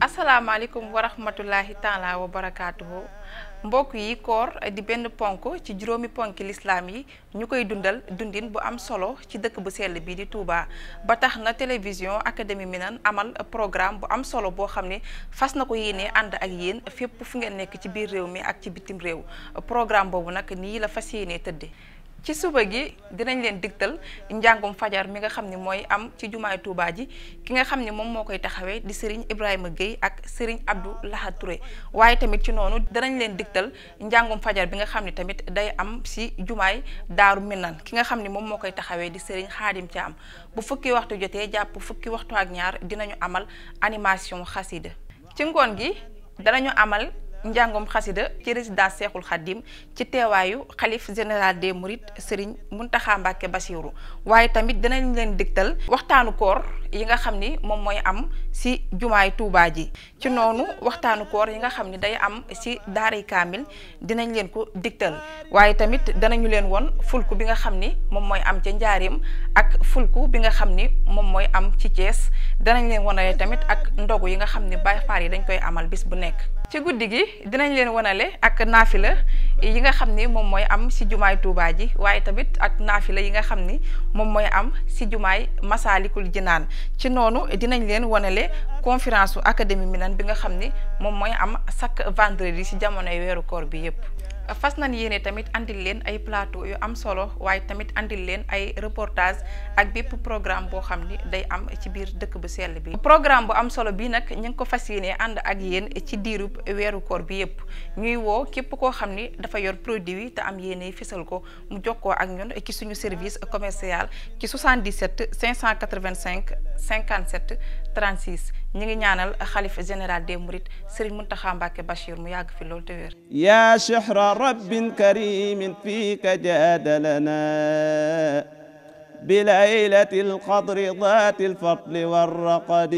asalaamaaleykum wa rahmatulahi taala wa barakaatuhu mbokk yi koor di benn ponk ci juróomi ponk lislaam yi ñu koy dundal dundin bu am solo ci dëkk bu sell bi di Touba ba tax na télévision académie Minane amal programme bu am solo boo xam ne fas na ko yéenee ànd ak yéen fépp fu ngeen nekk ci biir réew mi ak ci bitim réew programme boobu nag nii la fas yéenee tëddee. ci suba gi dinañ leen digtal njàngum fajar mi nga xam ni mooy am ci jumaay Touba ji ki nga xam ni moom moo koy taxawee di Serigne Ibrahima Gueye ak Serigne Abdou Lahad waaye tamit ci noonu danañ leen digtal njàngum fajar bi nga xam ni tamit day am si jumaay Daaru Minan ki nga xam ni moom moo koy taxawee di Serigne Khadim Thiam bu fukki waxtu jotee jàpp fukki waxtu ak ñaar dinañu amal animation xasida ci ngoon gi danañu amal njàngum xasida ci résidence Seexul Xaddim ci teewaayu xalif général des Mourides Serigne Mountakha Mbacké Bassirou waaye tamit dinañ leen digtal waxtaanu koor yi nga xam ni moom mooy am si jumaay Touba ji ci noonu waxtaanu koor yi nga xam ni day am si daaray kaamil dinañ leen ko digtal waaye tamit danañu leen woon fulku bi nga xam ni moom mooy am ca njaarim ak fulku bi nga xam ni moom mooy am ci Thiès danañ leen wanale tamit ak ndogu yi nga xam ni Baay yi dañ koy amal bis bu nekk ci guddi gi dinañ leen wanale ak naafila yi nga xam ni moom mooy am si jumaay Touba ji waaye tamit ak naafila yi nga xam ni moom mooy am si jumaay Masaalikul Jinaan ci noonu dinañ leen wanale conférence su académie Milan bi nga xam ni moom mooy am chaque vendredi ci jamonoy weeru koor bi yépp fas nañ yéene tamit andil leen ay plateau yu am solo waaye tamit andil leen ay reportage ak bépp programme boo xam ni day am ci biir dëkk bu sell bi programme bu am solo bi nag ñu ngi ko fas yéene ànd ak yéen ci diirub weeru koor bi yépp ñuy woo képp koo xam ni dafa yor produit yi te am yéene fésal ko mu jokkoo ak ñun ci suñu service commercial ci cinq 585 57 36 ñi ngi ñaanal xalif général de mourides Serigne Mountakha Mbacké Bachir mu yàgg fi loolu te wér ya shihra rabbin karimin fika jadalana بليلة القدر ذات الفضل والرقد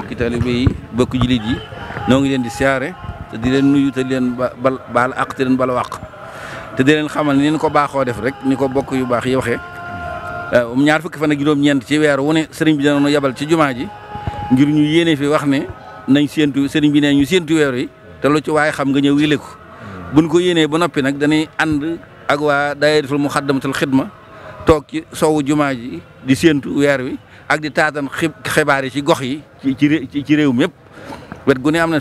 bokki taalibe yi bokki jullit yi noo ngi leen di siyaare te di leen nuyu te di leen bal baal àq leen bala wàq te xamal ni ñu ko baaxoo def rek ni ko bokk yu baax yi waxee Euh, um ñaar fukki fan ak juróom-ñeent ci weer wu seriñ sëriñ bi dana nu yabal ci jumaa ji ngir ñu yéene fi wax ne nañ séentu sëriñ bi ne ñu séentu weer yi te lu ci waaye xam nga ñëw yële ko buñ ko yéenee ba noppi nag dañuy ànd ak waa daayiratul muxaddamatul xidma toog ci soowu jumaa ji di séentu weer wi ak di taatan xibaar yi ci gox yi ci ci réew mépp wet gu am na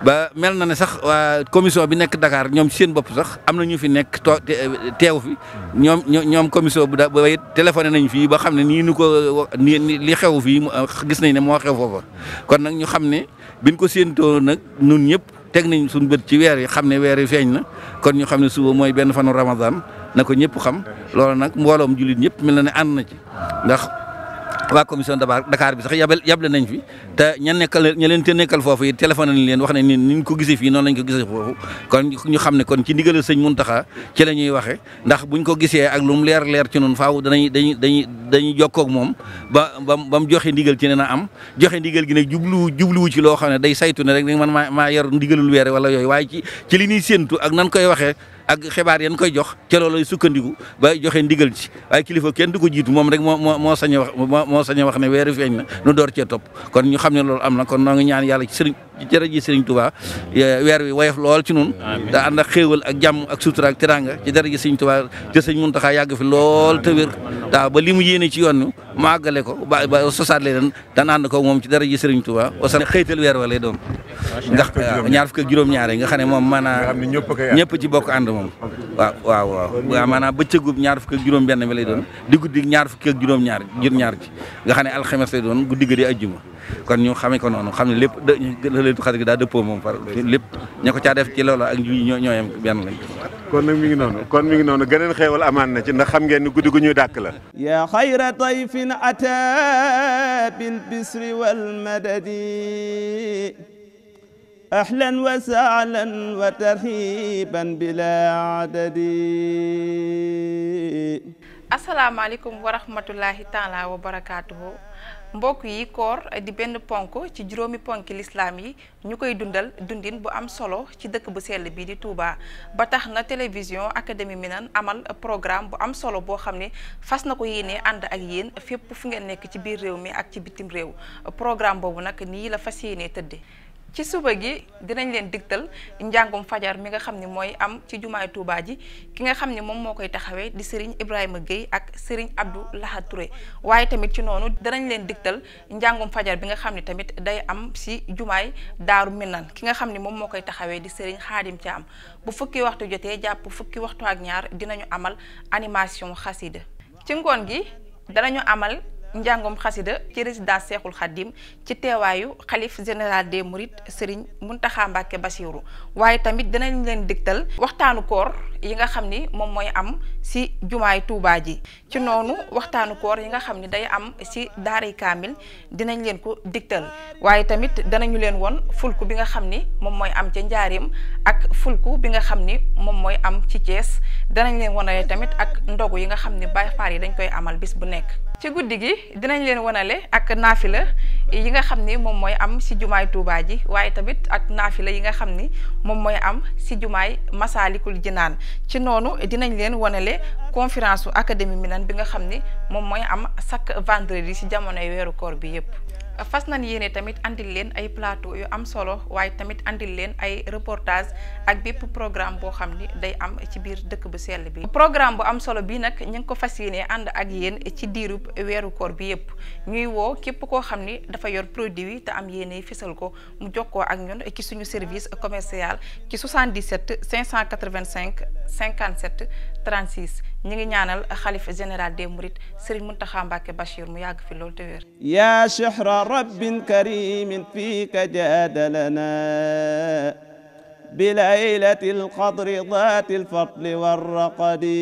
ba mel na ne sax waa commission bi nekk Dakar ñoom ci seen bopp sax am na ñu fi nekk too eh, teew fi ñoom ñoom commission bu da ba téléphoné nañ fii ba xam ne nii ni ko nii li xew fii ah, gis nañ ne moo xew foofa kon nag ñu xam ne biñ ko séentoo nag nun ñëpp teg nañ suñu bët ci weer yi xam ne weer yi feeñ na kon ñu xam ne suba mooy benn fanu Ramadan na ko ñëpp xam loolu nag mbooloom jullit ñëpp mel na ne ànd na ci ndax. waa commission Dakar bi sax yabal yable nañ fi te ña nekkal ña leen te nekkal foofu it téléphoné nañ leen wax ne ni ñu ko gisee fii noonu lañ ko gisee foofu kon ñu xam ne kon ci ndigalu sëñ Muntaxa ci la ñuy waxe ndax buñ ko gisee ak lu mu leer leer ci noonu faaw danañ dañuy dañ dañuy jokkook moom ba ba ba mu joxe ndigal ci ne na am joxe ndigal gi nag jublu jubluwu ci loo xam ne day saytu ne rek man maa maa yor ndigalul weer wala yooyu waaye ci ci li ñuy séentu ak nan koy waxee ag xibaar yan koy jox ca sukkandiku ba joxe ndigal ci waaye kilifa kenn du ko jiitu moom rek moo moo moo sañ a wax moo sañ a wax ne weeru feeñ na nu door cee top kon ñu xam ne loolu am na kon noo ngi ñaan yàlla ci sëriñ jërëjëf sëriñ Touba weer wi woyof lool ci nun da ànd ak xéewal ak jàmm ak sutura ak teraanga ci jërëjëf sëriñ Touba te sëñ Muntaxa yàgg fi lool te wér ta ba li mu yéene ci yoon mu ko ba ba sosaat leen daan ànd ko moom ci jërëjëf sëriñ Touba xëytal weer wa lay doon ndax eh, ñaar fukk ak juróom-ñaar yi nga xam ne moom maanaam ñëpp ci bokk ànd moom waaw waaw waaw waaw maanaam bëccëgub ñaar fukk ak juróom benn bi lay doon di guddi ñaar fukk ak juróom-ñaar juróom-ñaar ci nga xam ne alxames lay doon guddi ga di ajjuma kon ñu xamee ko noonu xam ne lépp lëleetu xarit gi daa dëppoo moom lépp ña ko def ci loola ak ñoo benn lañ kon nag mi ngi amaan na ci ndax xam ngeen ni guddi gu ñuy la ahlan wa sahlan wa tarhiban bila adadi asalaamaaleykum wa rahmatullahi taala wa barakaatuhu mbokk yi koor di benn ponk ci juróomi ponki lislaam yi ñu koy dundal dundin bu am solo ci dëkk bu sell bi di Touba ba tax na télévision académie Minane amal programme bu am solo boo xam ne fas na ko yéenee ànd ak yéen fépp fu ngeen nekk ci biir réew mi ak ci bitim réew programme boobu nag nii la fas yéenee tëddee. ci suba gi dinañ leen digtal njàngum fajar mi nga xam ni mooy am ci jumaay Touba ji ki nga xam ni moom moo koy taxawee di Serigne Ibrahima Gueye ak Serigne Abdou Lahad waaye tamit ci noonu dinañ leen digtal njàngum fajar bi nga xam ni tamit day am si jumaay Daaru Minan ki nga xam ni moom moo koy taxawee di Serigne Khadim am bu fukki waxtu jotee jàpp fukki waxtu ak ñaar dinañu amal animation xasida ci ngoon gi danañu amal. njàngum xasida ci résidence Seexul Xaddim ci teewaayu xalif général des Mourides Serigne Mountakha Mbacké Bassirou waaye tamit dinañ leen dégtal waxtaanu koor yi nga xam ni moom mooy am si jumaay tuubaa ji ci noonu waxtaanu koor yi nga xam ni day am si daaray kaamil dinañ leen ko digtal waaye tamit danañu leen woon fulku bi nga xam ni moom mooy am ca njaarim ak fulku bi nga xam ni moom mooy am ci Thiès danañ leen wanale tamit ak ndogu yi nga xam ni Baay yi dañ koy amal bis bu nekk ci guddi gi dinañ leen wanale ak naafila yi nga xam ni moom mooy am si jumaay Touba ji waaye tamit ak naafila yi nga xam ni moom mooy am si jumaay Masaalikul Jinaan ci noonu dinañ leen wanale conférence su académie Minane bi nga xam ni moom mooy am chaque vendredi ci jamonoy weeru koor bi yépp fas nañ yéene tamit andil leen ay plateau yu am solo waaye tamit andil leen ay reportage ak bépp programme boo xam ni day am ci biir dëkk bu sell bi programme bu am solo bi nag ñu ngi ko fas yéene ànd ak yéen ci diirub weeru koor bi yépp ñuy woo képp koo xam ni dafa yor produit yi te am yéene fisal ko mu jokkoo ak ñun ci suñu service commercial ci 77 585 57 36 ñi ngi ñaanal xalifa général des mourides Serigne Mountakha Mbacké Bachir mu yàgg fi loolu te wér ya shihra rabbin karimin fika jaadalana bi laylati alqadri daati alfadli warraqadi